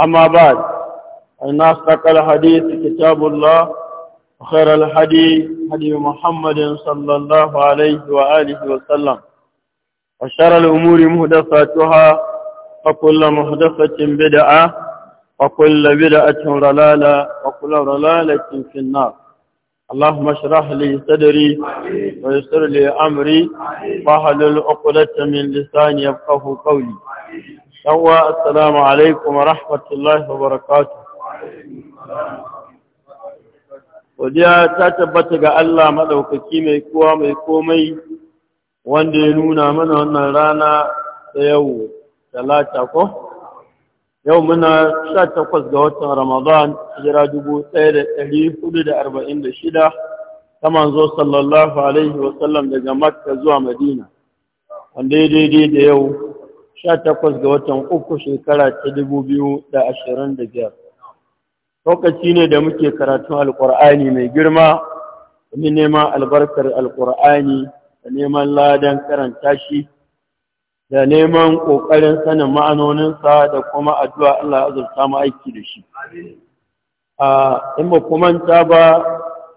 أما بعد أن أصدق الحديث كتاب الله وخير الحديث حديث محمد صلى الله عليه وآله وسلم وشر الأمور مهدفاتها وكل مهدفة بدعة وكل بدعة رلالة وكل رلالة في النار اللهم اشرح لي صدري ويسر لي أمري وحلل عقدة من لساني يفقه قولي yawwa assalamu alaikum wa rahmatullahi wa barakatuh godiya ta tabbata ga Allah madaukaki mai kowa mai komai wanda ya nuna mana wannan rana ta yau talata ko yau muna 18 ga watan Ramadan hijira 1446 ta manzo sallallahu alaihi wa sallam daga Makka zuwa Madina wanda daidai da yau 18 ga watan uku shekara ta ashirin 2025 lokaci ne da muke karatun alkur'ani mai girma domin neman albarkar alkur'ani da neman ladan karanta shi da neman ƙoƙarin sanin ma'anoninsa da kuma addu'a Allah ya azurta mu aiki da shi. A in ba kuma ta ba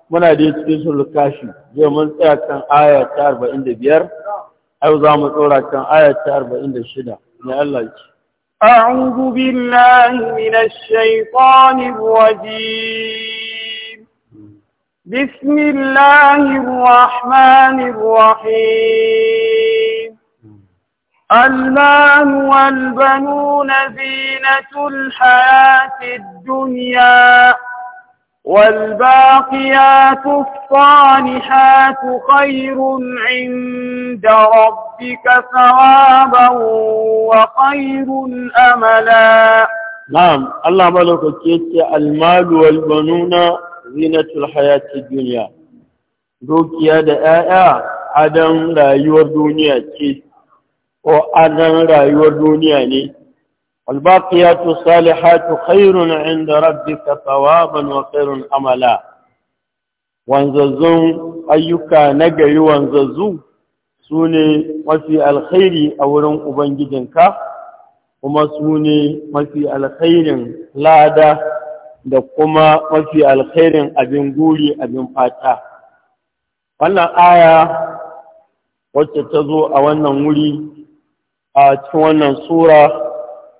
muna da cikin sulkashi zai mun tsaya kan aya ta arba'in da biyar أو ذا كان آية 46 يا الله أعوذ بالله من الشيطان الرجيم بسم الله الرحمن الرحيم المال والبنون زينة الحياة الدنيا والباقيات الصالحات خير عند ربك ثوابا وخير أملا نعم الله ملك كيت المال والبنون زينة الحياة الدنيا دوكيا دعاء أدم لا يور دنيا كيت وأدم لا يور دنيا نيت والباقيات الصالحات خير عند ربك ثوابا وخير املا wanzazzun ayyuka na gari wanzazzu su mafi alkhairi a wurin ubangijinka kuma sune ne mafi alkhairin lada da kuma mafi alkhairin abin guri abin fata wannan aya wacce ta zo a wannan wuri a cikin wannan sura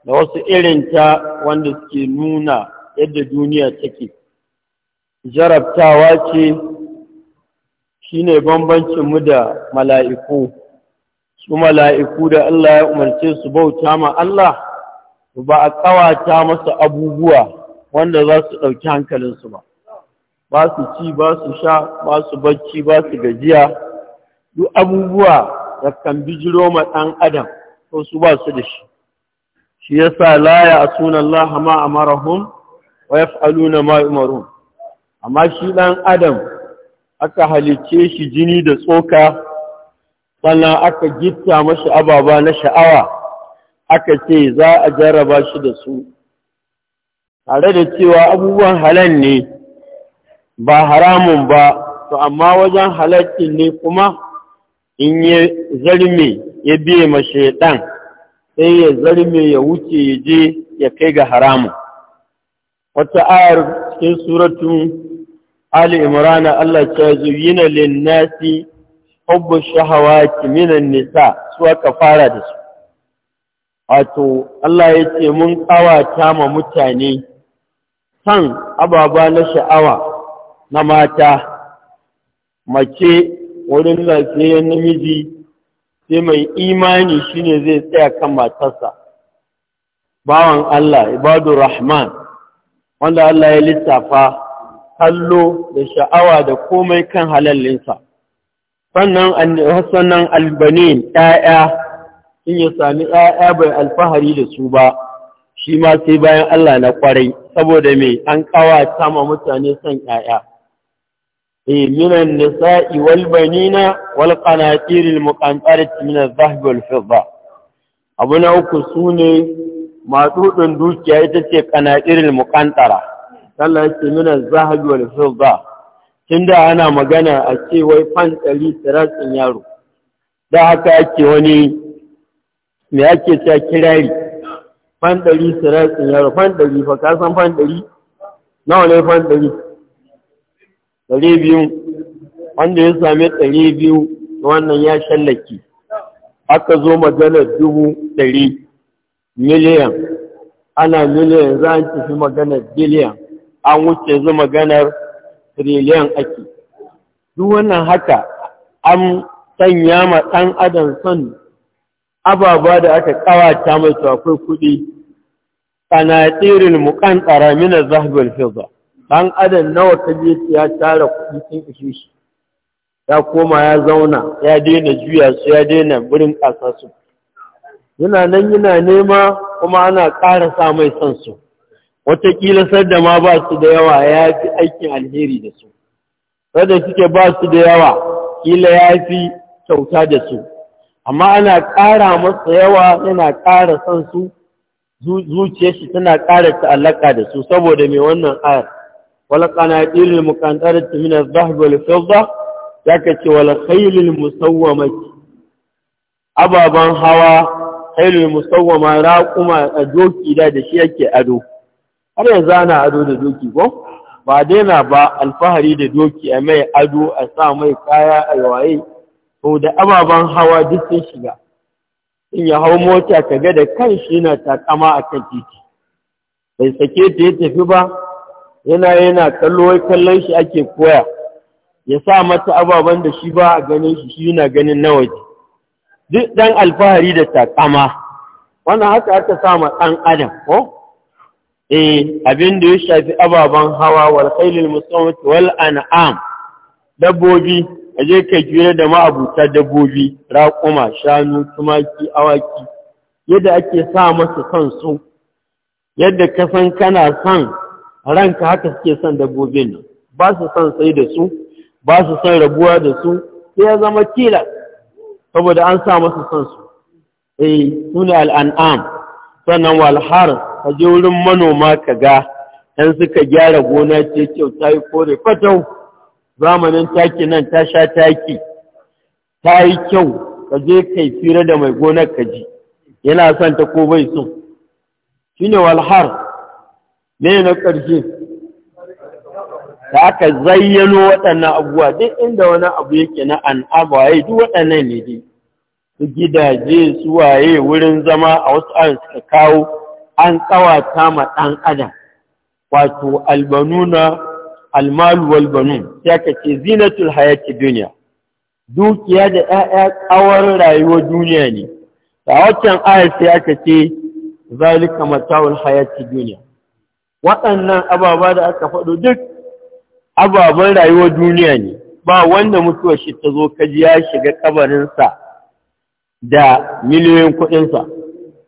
da wasu irinta wanda suke nuna yadda duniya take jarabtawa ce shine mu da mala'iku su mala'iku da Allah ya umarce su bauta ma Allah ba a kawata masa abubuwa wanda za su ɗauki hankalinsu ba ba su ci ba su sha ba su bacci ba su gajiya duk abubuwa da kan bijiro ma ɗan adam ko su ba su da shi shi laya la sunan Allah ma marahun wa fa’alu na yu'marun amma shi ɗan adam aka halice shi jini da tsoka sannan aka gitta mashi ababa na sha'awa aka ce za a jaraba shi da su tare da cewa abubuwan halal ne ba haramun ba to amma wajen halakin ne kuma in ya zarme ya biye mashi ɗan. sai ya zarme ya wuce ya je ya kai ga haramun wata ayar cikin suratu ali imrana Allah ce zuyina lin nasi hubbu shahawati minan nisa su aka fara da su wato Allah ya ce mun kawata ma mutane san ababa na sha'awa na mata mace wurin lafiyar namiji sai mai imani shine zai tsaya kan matarsa bawan Allah ibadu rahman wanda Allah ya littafa kallo da sha'awa da komai kan halallinsa sannan albanin ɗaya in ya sami ɗaya bai alfahari da su ba shi ma sai bayan Allah na ƙwarai saboda mai an ƙawata ma mutane son ɗaya من النساء والبنين والقناطير المقنطرة من الذهب والفضة abuna uku ما ne dukiya ita ce kanadirin mukantara Allah ya ce tunda ana magana a ce wai fan ɗari tsirasin yaro da haka ake wani me ake ta kirari fan ɗari tsirasin yaro fan ɗari fa ka san fan nawa ne fan ɗari biyu wanda ya sami ɗari biyu wannan ya shallaki aka zo maganar dubu ɗari miliyan ana miliyan za a tafi maganar biliyan an wuce zu maganar triliyan ake duk wannan haka an sanya ma ɗan adam son ababa da aka ƙawata mai akwai kuɗi tsanatsirin muƙan tsara minar zahabin fizar ɗan adam nawa ka je ya tara kuɗi sun ishe shi ya koma ya zauna ya daina juya su ya daina birin ƙasa su yana nan yana nema kuma ana ƙara sa mai son su wataƙila da ma ba su da yawa ya fi aikin alheri da su da suke ba su da yawa kila ya fi kyauta da su amma ana ƙara masa yawa yana ƙara son su zuciyar shi tana ƙara ta'allaka da su saboda mai wannan ayar wala qanatil muqantarat min az-zahab wal fidda yakati ce wal khayl musawwamati ababan hawa khayl musawwama raquma doki da da shi yake ado har yanzu ana ado da doki ko ba daina ba alfahari da doki a mai ado a sa mai kaya a waye. to da ababen hawa duk sun shiga in ya hau mota ka da kan shi yana takama akan titi bai sake ta ya tafi ba yana yana kallo wai kallon shi ake koya ya sa mata ababen da shi ba a ganin shi shi yana ganin na waje duk ɗan alfahari da takama wannan haka aka ma ɗan adam ko eh abin da ya shafi ababen hawa wal khailil musawwat wal an'am dabbobi aje ka jira da ma'abuta dabbobi raƙuma shanu tumaki awaki yadda ake sa masa kansu yadda ka san kana san ranka haka suke son dabbobin nan ba su son sai da su ba su son rabuwa da su sai ya zama kila saboda an sa masu son su eh sunan al'an'am sannan walhar ka je wurin manoma ka ga dan suka gyara gona ce kyau ta yi kore fatau zamanin taki nan ta sha taki ta yi kyau ka je kai fira da mai gonar ka ji yana son ta ko bai so shine walhar ne na ƙarshe da aka zayyano waɗannan abubuwa duk inda wani abu yake na an'abaye duk waɗannan ne dai su gidaje su waye wurin zama a wasu an suka kawo an ƙawata ma ɗan adam wato albanuna almalu walbanun ya kace zinatul hayati duniya dukiya da ‘ya'ya tsawon rayuwar duniya ne a waccan ayar sai aka ce zalika matawul hayati duniya waɗannan ababa da aka faɗo duk ababen rayuwar duniya ne ba wanda mutuwar shi ta zo kaji ya shiga ƙabarinsa da miliyoyin kuɗinsa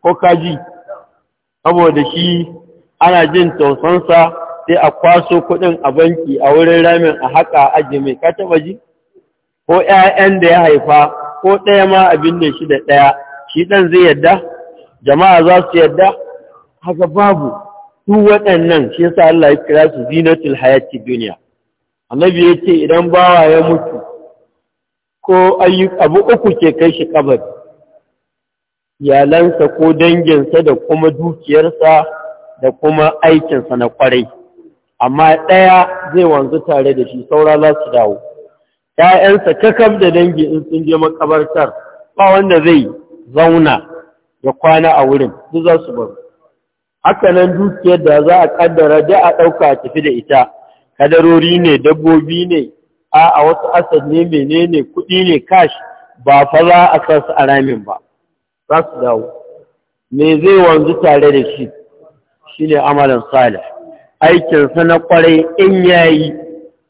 ko kaji saboda shi ana jin tausansa sai a kwaso kuɗin a banki a wurin ramin a haƙa aji mai ka taɓa ji ko ‘ya'yan da ya haifa ko ɗaya ma abin da shi da ɗaya shi ɗan zai yadda jama'a za su yadda haka babu su waɗannan shi yasa Allah ya kira su zinatul hayati duniya annabi ya ce idan bawa ya mutu ko abu uku ke kai shi kabari iyalansa ko danginsa da kuma dukiyarsa da kuma aikinsa na kwarai amma ɗaya zai wanzu tare da shi saura za su dawo ‘ya'yansa kakaf da dangi in sun je makabartar ba wanda zai zauna ya kwana a wurin duk za su baro haka nan dukiyar da za a kaddara da a ɗauka a tafi da ita kadarori ne dabbobi ne a wasu asad ne menene kuɗi ne cash ba fa za a sa su a ramin ba za su dawo me zai wanzu tare da shi shine amalin salih aikin sa na kwarai in yayi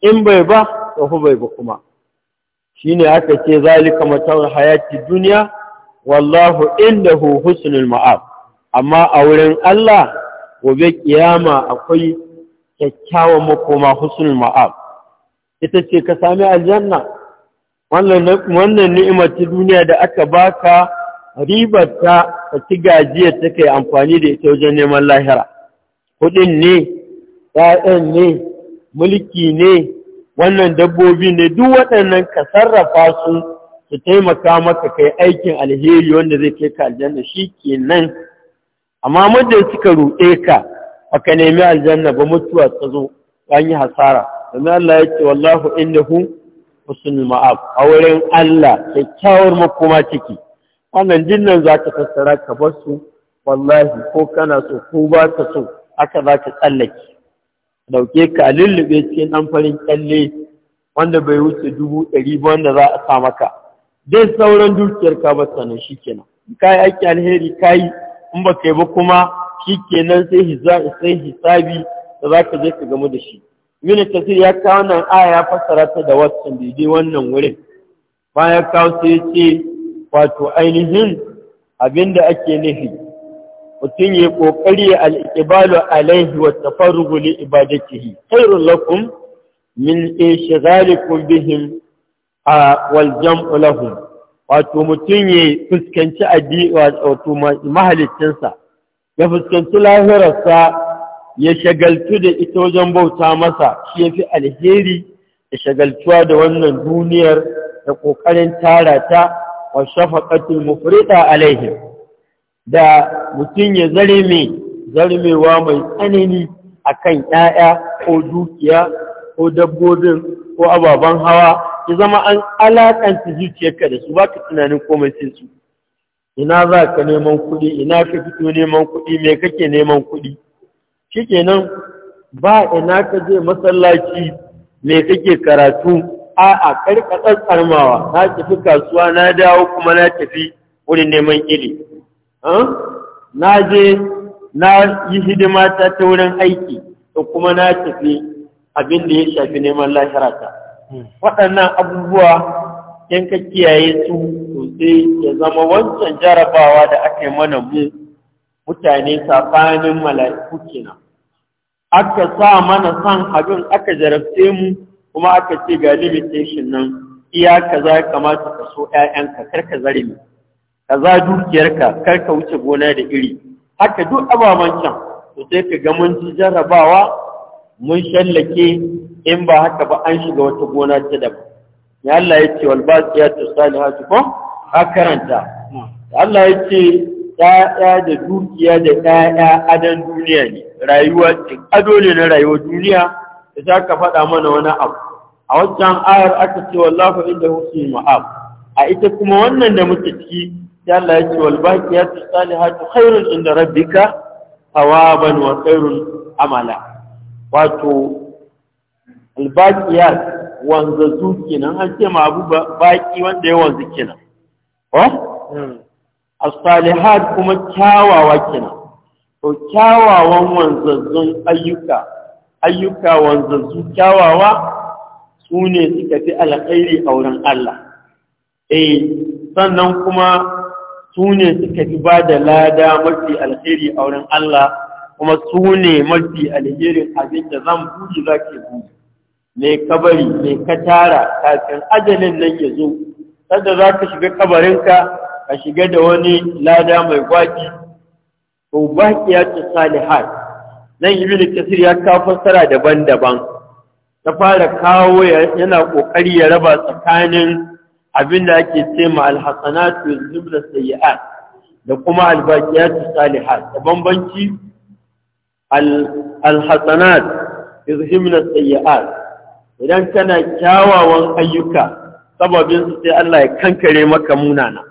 in bai ba to fa bai ba kuma Shi ne aka ce zalika matan hayati duniya? wallahu indahu husnul ma'ab amma a wurin Allah gobe kiyama akwai kyakkyawan makoma husnul ma'ab ita ce ka sami aljanna wannan ni'imar ta duniya da aka baka ribarta ka ci gajiya ta kai amfani da ita wajen neman lahira kudin ne ɗayan ne mulki ne wannan dabbobi ne duk waɗannan ka sarrafa su su taimaka maka kai aikin alheri wanda zai kai ka aljanna shi kenan amma muddin suka ruɗe ka aka nemi aljanna ba mutuwa ta zo an yi hasara domin Allah ya ce wallahu innahu husnul ma'ab a wurin Allah kyakkyawar makoma ciki wannan jinnan za ka tattara ka bar su wallahi ko kana so ko ba ka so aka za ka tsallake dauke ka a lullube cikin ɗan farin wanda bai wuce dubu ɗari ba wanda za a sa maka dai sauran dukiyar ka ba sanin shi kenan ka yi aiki alheri ka yi in ba yi ba kuma shi kenan sai hisabi da za ka je ka gamu da shi ibn kasir ya kawo nan aya ya fassara ta da wasan daidai wannan wurin ya kawo sai ce wato ainihin abinda ake nufi mutum ya kokari al-iqbalu alaihi wa tafarrugu li ibadatihi khairul lakum min ishghalikum bihim a jam'u lahum wato mutum ya fuskanci wato mahalicinsa ya fuskanci lahirarsa ya shagaltu da ita wajen bauta masa shi ya fi alheri da shagaltuwa da wannan duniyar da ƙoƙarin tara ta wa shafaƙatul mufrita alaihi da mutum ya zare zarme zarmewa mai tsanani a kan 'ya'ya ko dukiya ko dabbobin ko ababen hawa ya zama an alakanta zuciyarka da su baka tunanin komai sai su ina za ka neman kuɗi ina ka fito neman kuɗi me kake neman kuɗi shikenan ba ina ka je masallaci me kake karatu a'a karka tsarmawa na tafi kasuwa na dawo kuma na tafi wurin neman ili na je na yi hidima ta ta wurin aiki to kuma na tafi abin da ya shafi neman lahirata waɗannan abubuwa in ka kiyaye su sosai ya zama wancan jarabawa da aka yi mana mu mutane safanin mala'iku kenan aka sa mana san abin aka jarabce mu kuma aka ce ga limitation nan iya za ka kamata ka so ƴaƴanka kar ka zare mu kaza dukiyarka kar ka wuce gona da iri haka duk ababen can to sai ka ga mun ji jarabawa mun shallake in ba haka ba an shiga wata gona ta daba. ya Allah ya ce wal baqiyatu salihatu ko a karanta Allah ya ce ɗaya da dukiya da yaya adon duniya ne rayuwa ado ne na rayuwa duniya da ka faɗa mana wani abu a wancan ayar aka ce wallahu inda husni ma'ab a ita kuma wannan da muke ciki Ya Allah ya ce wal baqiyatu salihatu khairun inda rabbika thawaban wa khairun amala wato albaqiyat wanzazu kenan an ce ma abu baki wanda ya wanzu kenan wa hmm. as-salihat kuma kyawawa kenan to kyawawan wanzazzun ayyuka ayyuka wanzazzu kyawawa su ne suka fi alƙairi a wurin Allah eh sannan kuma su ne suka fi ba da lada mafi alƙairi a wurin Allah kuma su ne mafi alherin abin da zan buɗe za ke buɗe mai kabari mai ka tara kafin ajalin nan ya zo Sanda za ka shiga kabarinka ka shiga da wani lada mai gwaki ya baqiyatu salihat nan ibnu kasir ya kawo fassara daban-daban ta fara kawo yana kokari ya raba tsakanin abin da ake ce ma alhasanatu zubra sayyi'at da kuma albaqiyatu salihat da bambanci alhassanat izhimna sayyi'at idan kana kyawawan ayyuka sababin su sai Allah ya kankare maka munana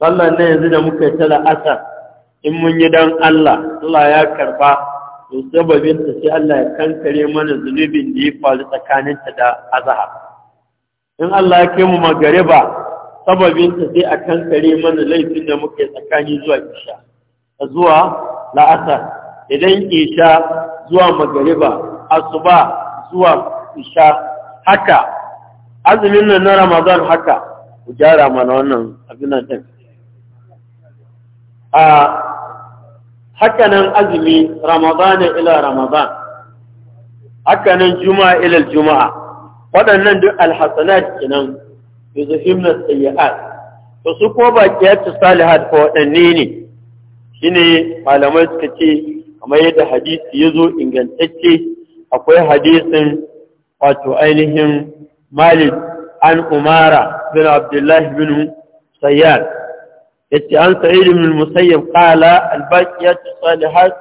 sallan ne yanzu da muka yi ta la'asar in mun yi dan Allah Allah ya karba to sababin su sai Allah ya kankare mana zunubin da ya faru tsakaninta da azhar in Allah ya kai mu magariba su sai a kankare mana laifin da muka yi tsakani zuwa isha zuwa la'asar idan isha zuwa magariba asuba zuwa isha haka azumin nan na ramadan haka ku gyara mana wannan abinan din a haka nan azumi ramadan ila ramadan haka nan juma'a ila juma'a waɗannan duk alhassanat kenan zuhimna sayyi'at to su ko ba kiyatu salihat ko waɗanne ne shine malamai suka ce kamar yadda hadisi ya zo ingantacce akwai hadisin wato ainihin malik an umara bin abdullahi bin sayyad yace an sa'id bin musayyib qala al-baqiyatu salihat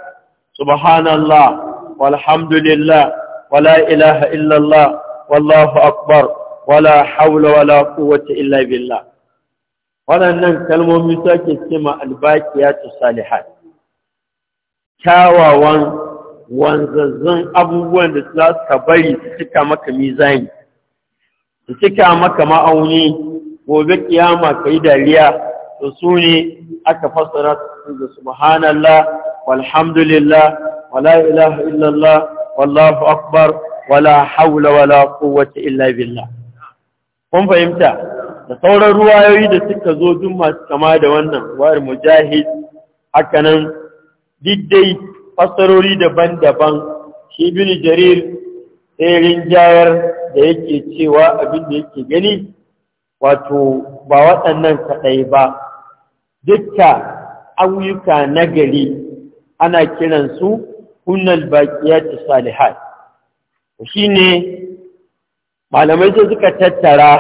subhanallah walhamdulillah wala ilaha illa allah wallahu akbar wala hawla wala quwwata illa billah waɗannan kalmomi sake cima al-baqiyatu salihat kyawawan wanzazzun abubuwan da za ka bari su cika maka mizani su cika maka ma'auni gobe kiyama ka yi dariya da su ne aka fassara da subhanallah walhamdulillah wala ilaha illallah wallahu akbar wala haula wala quwwata illa billah kun fahimta da sauran ruwayoyi da suka zo duk masu kama da wannan wa'ar mujahid hakanan diddai fassarori daban-daban shi bin jarir sai jayar da yake cewa abin da yake gani wato ba waɗannan kaɗai ba dukka ayyuka na gari ana kiransu hunnal baƙiyatu salihat shi ne malamai sai suka tattara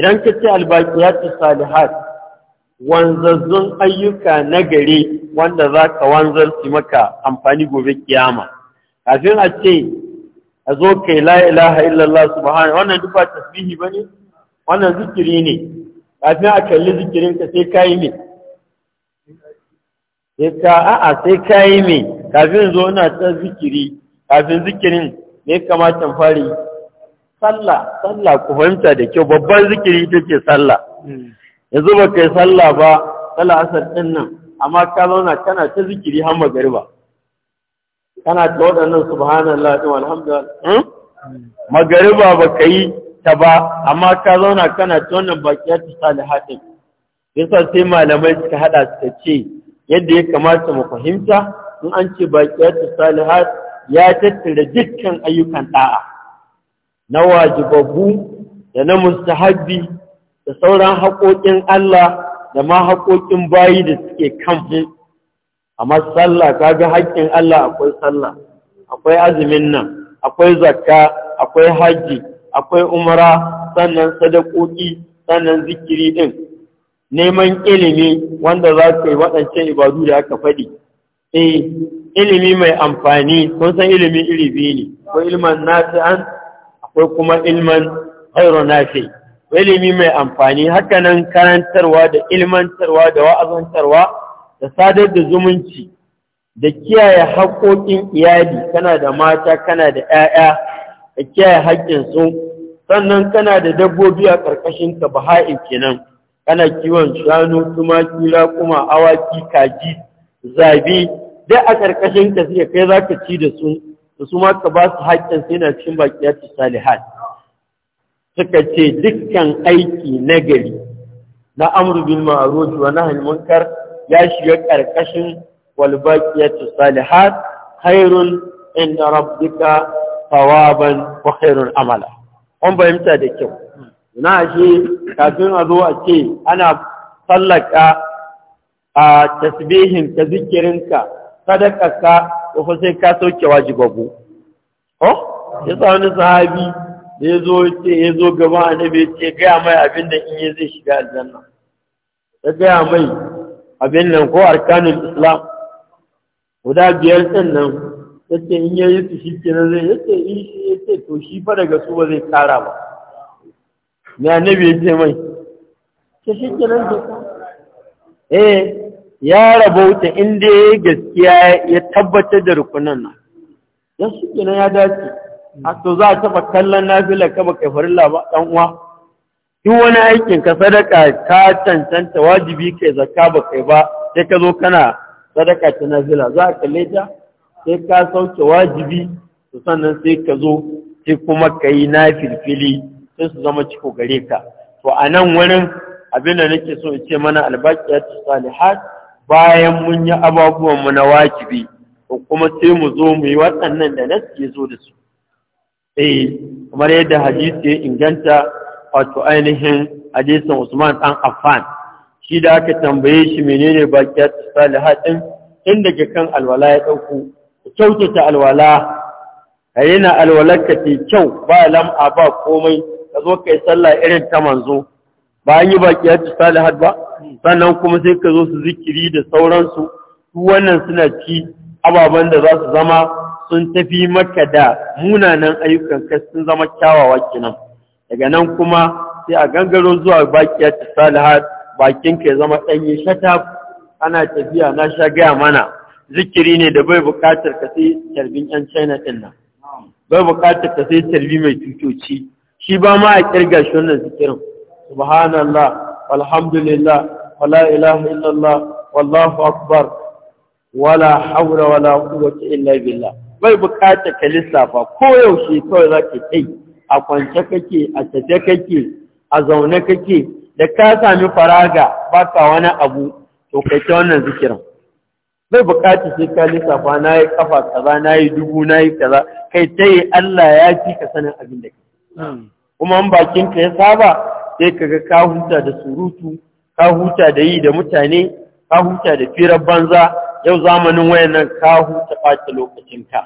idan ka ce albaƙiyatu salihat wanzazzun ayyuka na gare wanda za ka wanzar su maka amfani gobe kiyama kafin a ce a zo kai la ilaha illallah subhanahu wannan duk ba tasbihi bane wannan zikiri ne kafin a kalli zikirin ka sai kai me sai ka a sai kai me kafin zo ina ta zikiri kafin zikirin ne kamata in fara sallah sallah ku fahimta da kyau babban zikiri ita ce sallah hmm. yanzu ba kai sallah ba sallah asar din nan amma ka zauna kana ta zikiri har magariba kana ta waɗannan subhanallah din alhamdulillah hmm? magariba ba ka yi ta ba amma ka zauna kana ta wannan ta salihatin yasa sai malamai suka hada suka ce yadda ya kamata mu fahimta in an ce ta salihat ya tattara dukkan ayyukan da'a na wajibabu da na mustahabbi da sauran haƙoƙin Allah da ma haƙoƙin bayi da suke kanmu amma sallah kaga haƙƙin Allah akwai sallah akwai azumin nan akwai zakka akwai haji akwai umara sannan sadakoki sannan zikiri ɗin. neman ilimi wanda za ka yi waɗancan ibadu da aka faɗi eh ilimi mai amfani kun san ilimi iri biyu ne akwai ilman nafi'an akwai kuma ilman ghairu nafi' ilimi mai amfani hakanan karantarwa da ilmantarwa da wa'azantarwa da sadar da zumunci da kiyaye haƙoƙin iyali kana da mata kana da ‘ya'ya da kiyaye haƙƙinsu sannan kana da dabbobi a ƙarƙashin ka baha'in kenan kana kiwon shanu tumaki raƙuma awaki kaji zabi duk a ƙarƙashin ka sai kai za ka ci da su da su ma ka ba su haƙƙin sai na cikin baƙiyar salihat suka ce dukkan aiki nagari na amru bil ma'ruf wa nahyi munkar ya shiga karkashin wal baqiyatu salihat khairun inda rabbika thawaban wa khairun amala on bayyanta da kyau na ashe kafin a zo a ce ana sallaka a tasbihin ka zikirinka sadakaka ka ko sai ka sauke wajibabu oh Ya wani sahabi da ya zo ce ya zo gaba annabi ce gaya mai abin da in yi zai shiga aljanna ta gaya mai abin nan ko arkanin islam guda biyar ɗin nan ta ce in ya yi su shi nan, zai ya ce in shi ya ce to shi fa daga su ba zai tsara ba na annabi ya ce mai ta shi nan da eh ya rabauta inda ya gaskiya ya tabbatar da rukunan nan ya shi nan ya dace a za a taɓa kallon nafila ka ba kai farilla ba ɗan uwa duk wani aikin ka sadaka ka cancanta wajibi kai zakka ba kai ba sai ka zo kana sadaka ta nafila za a kalle ta sai ka sauke wajibi to sannan sai ka zo sai kuma ka yi nafilfili sai su zama ciko gare ka to a nan wurin abin da nake so in ce mana albaqiyat salihat bayan mun yi ababuwan mu na wajibi ko kuma sai mu zo mu yi waɗannan da nake ke zo da su eh kamar yadda hadisi ya inganta wato ainihin hadisin Usman dan Affan shi da aka tambaye shi menene baqiyat salihat din inda kan alwala ya dauko kyautata alwala kayina alwalarka ce kyau ba lam'a ba komai Kazo zo kai sallah irin ta manzo ba an yi baqiyat salihat ba sannan kuma sai ka zo su zikiri da sauransu su wannan suna ci ababen da za su zama sun tafi maka da munanan ayyukan ka sun zama kyawawa kenan daga nan kuma sai a gangaro zuwa bakiya ta salihat bakin ka ya zama ɗanye shata ana tafiya na sha gaya mana zikiri ne da bai buƙatar ka sai tarbin yan china ɗin nan bai buƙatar ka sai tarbi mai tutoci. shi ba ma a kirga shi wannan zikirin subhanallah walhamdulillah wala ilaha illallah wallahu akbar wala haula wala quwwata illa billah bai bukata ka lissafa ko yaushe kawai za ka kai a kwance kake a tafe kake a zaune kake da ka sami faraga ba ka wani abu to kai ta wannan zikirin bai bukata sai ka lissafa na yi kafa kaza na yi dubu na yi kaza kai ta yi Allah ya fi ka sanin abin da kuma in bakin ka ya saba sai ka ga ka huta da surutu ka huta da yi da mutane ka huta da firar banza yau zamanin wayannan ka huta ɓata ka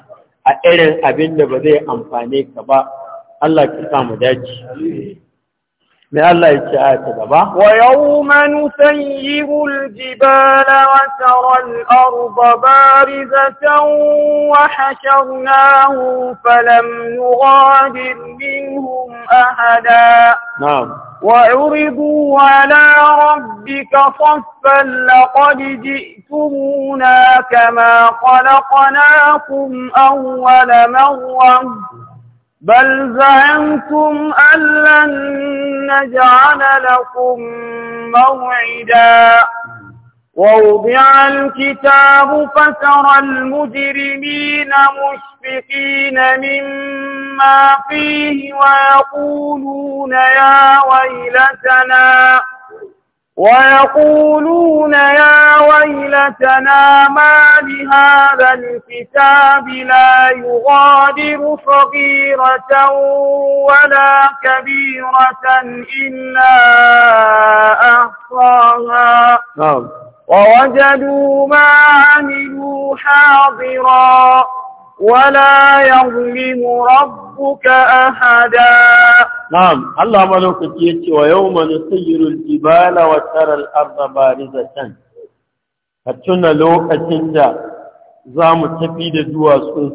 a irin abin da ba zai amfane ka ba Allah ka samu dace من الله يتعاتي بابا ويوم نسير الجبال وترى الأرض بارزة وحشرناهم فلم نغادر منهم أحدا نعم وعرضوا على ربك صفا لقد جئتمونا كما خلقناكم أول مرة بل زعمتم أن لن نجعل لكم موعدا ووضع الكتاب فترى المجرمين مشفقين مما فيه ويقولون يا ويلتنا ويقولون يا ويلتنا ما لهذا الكتاب لا يغادر صغيرة ولا كبيرة إلا أحصاها نعم ووجدوا ما عملوا حاضرا ولا يظلم ربك أحدا نعم الله ملوك يتي ويوم نسير الجبال وترى الأرض بارزة فتنا لوك تنجا زام تفيد دواسو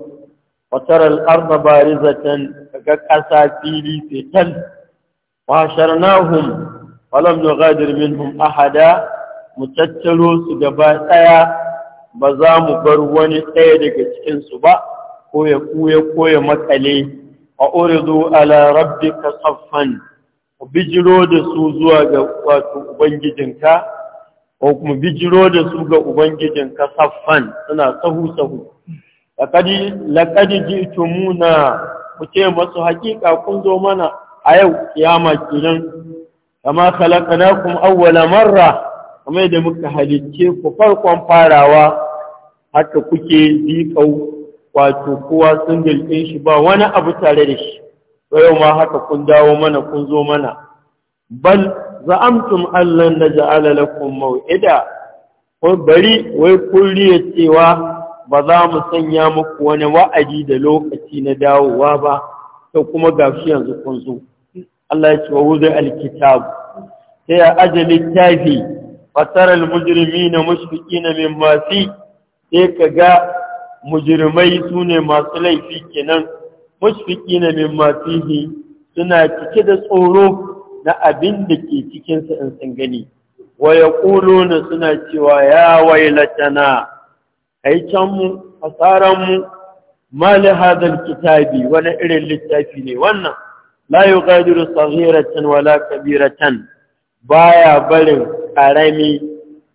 وترى الأرض بارزة كأسا فيلي في تل وحشرناهم ولم نغادر منهم أحدا متتلوس جبال أيا ba za mu bar wani ɗaya daga cikinsu ba ko ya kuya ko ya makale a uridu ala rabbika saffan bijiro da su zuwa ga wato ubangijinka ko kuma bijiro da su ga ubangijinka saffan suna sahu sahu laqadi jitumuna ku ce masu haƙiƙa kun zo mana a yau kiyama kenan kama khalaqnakum awwala marra kamar yadda muka halicce ku farkon farawa haka kuke zikau wato kowa sun gilkin shi ba wani abu tare da shi yau ma haka kun dawo mana kun zo mana bal za'amtum allan naj'ala lakum mau'ida ko bari wai ya cewa ba za mu sanya muku wani wa'adi da lokaci na dawowa ba to kuma shi yanzu kun zo Allah ya ce wa wuzai alkitab sai a ajalin tafi fataral mujrimi na mashfiki na masu sai ka ga mujrimai su ne masu laifi kenan mashfiki na yi suna cike da tsoro na abin da ke cikinsa in sun gani waya na suna cewa ya mu, a canmu mu. mali hadal kitabi wani irin littafi ne wannan la yughadiru saghiratan wala kabiratan baya barin ƙarami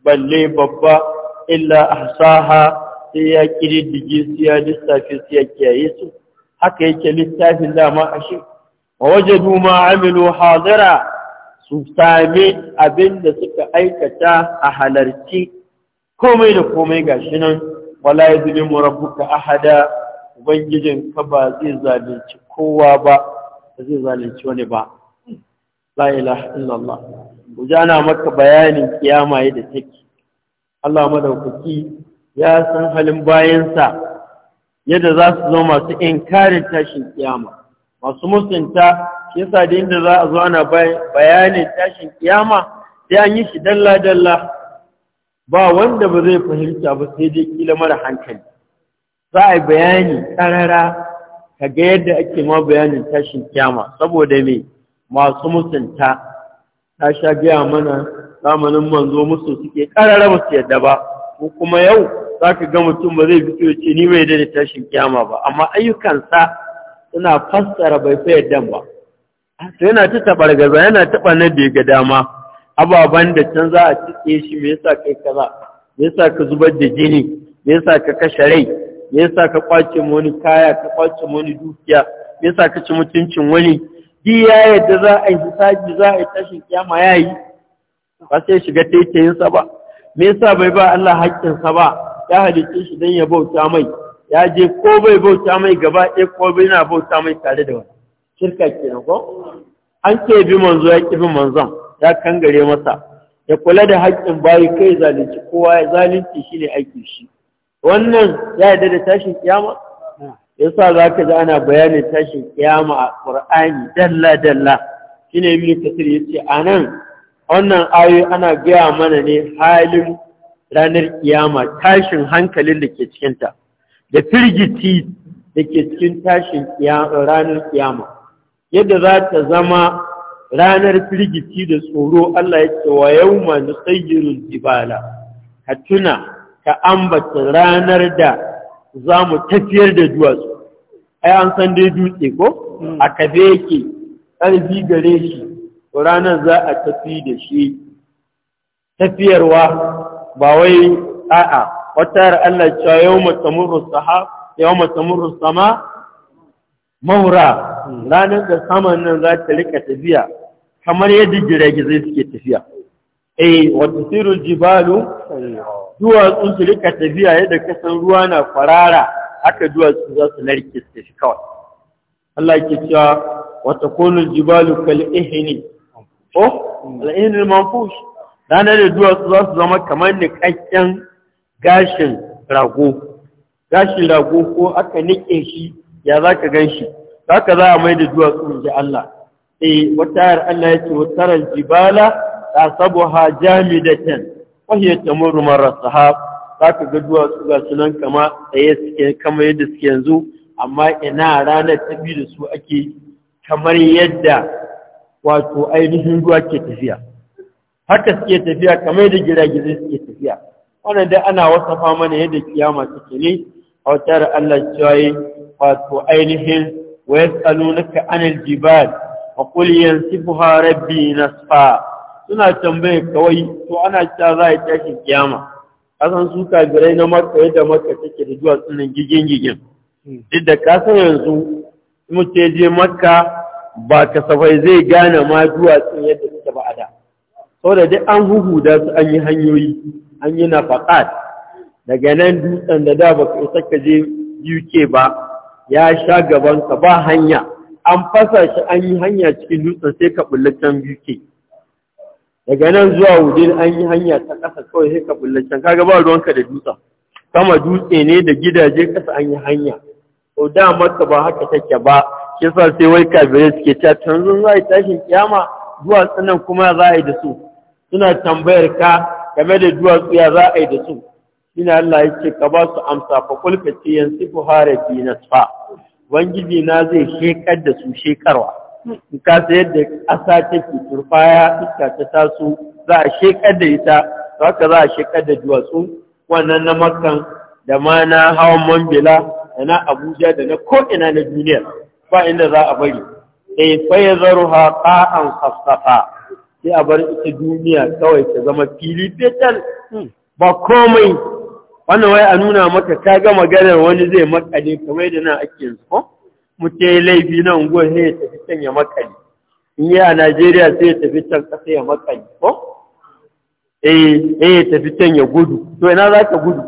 balle babba illa ahsaha sai ya kididdige su ya lissafi su ya kiyaye su haka yake littafin dama a shi wa wajadu ma amilu hadira su sami abin da suka aikata a halarci komai da komai gashi nan wala yadlimu rabbuka ahada ubangijin ka ba zai zalunci kowa ba ba zai zalunci wani ba la ilaha illallah gujana maka bayanin kiyama yadda take Allah madaukaki ya san halin bayansa yadda za su zo masu inkarin tashin kiyama masu musunta shi yasa da inda za a zo ana bayanin tashin kiyama sai an yi shi dalla dalla ba wanda ba zai fahimta ba sai dai kila mara hankali za a yi bayani karara kaga yadda ake ma bayanin tashin kiyama saboda mai masu musunta ta sha gaya mana zamanin manzo musu suke karara ba su yadda ba ko kuma yau za ka ga mutum ba zai fito ya ce ni bai da tashin kiyama ba amma ayyukansa suna fassara bai fi yadda ba to yana ta taɓa yana taɓa na da ga dama ababen da can za a cike shi me yasa kai kaza me yasa ka zubar da jini me yasa ka kashe rai me yasa ka kwace wani kaya ka kwace wani dukiya me yasa ka ci mutuncin wani bi ya yadda za a yi hisabi za a yi tashin kyama ya yi ba sai shiga taitayinsa ba me yasa bai ba Allah haƙƙinsa ba ya halicce shi don ya bauta mai ya je ko bai bauta mai gaba ɗaya ko bai na bauta mai tare da wani shirka kenan ko an ke bi manzo ya ƙi bi manzon ya kangare masa ya kula da haƙƙin bayi kai zalunci kowa ya zalunci ne aikin shi wannan ya yarda da tashin kiyama yasa za ka ji ana bayanin tashin kiyama a ƙur'ani dalla-dalla shi ne ibn kasir ya ce a nan wannan ayoyi ana gaya mana ne halin ranar kiyama tashin hankalin da ke cikinta da firgiti da ke cikin tashin ranar kiyama yadda za ta zama ranar firgiti da tsoro Allah ya ce wa yau ma nusayyirun jibala ka tuna ka ambata ranar da za mu tafiyar da duwatsu ai an san dai dutse ko hmm. a kafe yake ƙarfi gare shi ranar za a tafi da shi tafiyarwa ba wai a'a wata Allah cewa yau matamurru saha yau matamurru sama maura hmm. ranar da saman nan za ta rika tafiya kamar yadda zai suke tafiya eh wa tasirul jibalu duwatsu su rika tafiya yadda kasan ruwa na farara. haka duwatsu za su narke su shi kawai Allah ke cewa wata konul jibalu kal'ihini ko al man manfush ranar da duwatsu za su zama kamar nikakken gashin rago gashin rago ko aka nike shi ya za ka gan shi za ka za a mai da duwatsu in ji Allah eh wata yar Allah ya ce wata jibala ta jami jamidatan wahiyar tamuru marar ha za ka ga duwatsu ga sunan kama tsaye suke kama yadda suke yanzu amma ina ranar ta biyu da su ake kamar yadda wato ainihin ruwa ke tafiya haka suke tafiya kamar da giragizai suke tafiya wannan dai ana fama mana yadda kiyama take ne a wutar Allah cewa wato ainihin wa naka anil jibal wa qul yansifuha rabbi nasfa suna tambaye kawai to ana cewa za a tashi kiyama kasan su kafirai na makka yadda makka take da zuwa sunan gigin gigin duk da kasan yanzu mutum ya je makka ba kasafai zai gane ma duwatsun yadda suka ba a da saboda duk an huhuda su an yi hanyoyi an yi nafaqat daga nan dutsen da da ba ka isa ka je UK ba ya sha gaban ka ba hanya an fasa shi an yi hanya cikin dutsen sai ka bulle can UK daga nan zuwa wudin an yi hanya ta ƙasa kawai sai ka bullacin kaga ba ruwanka da dutsen Kama dutse ne da gidaje ƙasa an yi hanya to da maka ba haka take ba shi yasa sai wai kabirai suke ta canzun za a yi tashin kiyama duwatsu nan kuma za a yi da su suna tambayar ka game da duwatsu ya za a yi da su Ina Allah ya ce ka ba su amsa fa kulka ce yansifu harafi nasfa ubangiji na zai shekar da su shekarwa in ka sayar da ƙasa take ya iska ta taso za a shekar da ita za haka za a shekar da duwatsu wannan na makan da ma na hawan mambila da na abuja da na ko'ina na duniya ba inda za a bari ɗai faye zaro ha an hafsafa sai a bar ita duniya kawai ta zama fili fetal ba komai wannan wai a nuna maka ka ga maganar wani zai makale kamar da na ake yanzu ko mutum ya laifi na unguwar ne ya tafi can ya makali in yi a najeriya sai ya tafi can ƙasa ya makali ko eh ya tafi can ya gudu to ina za ka gudu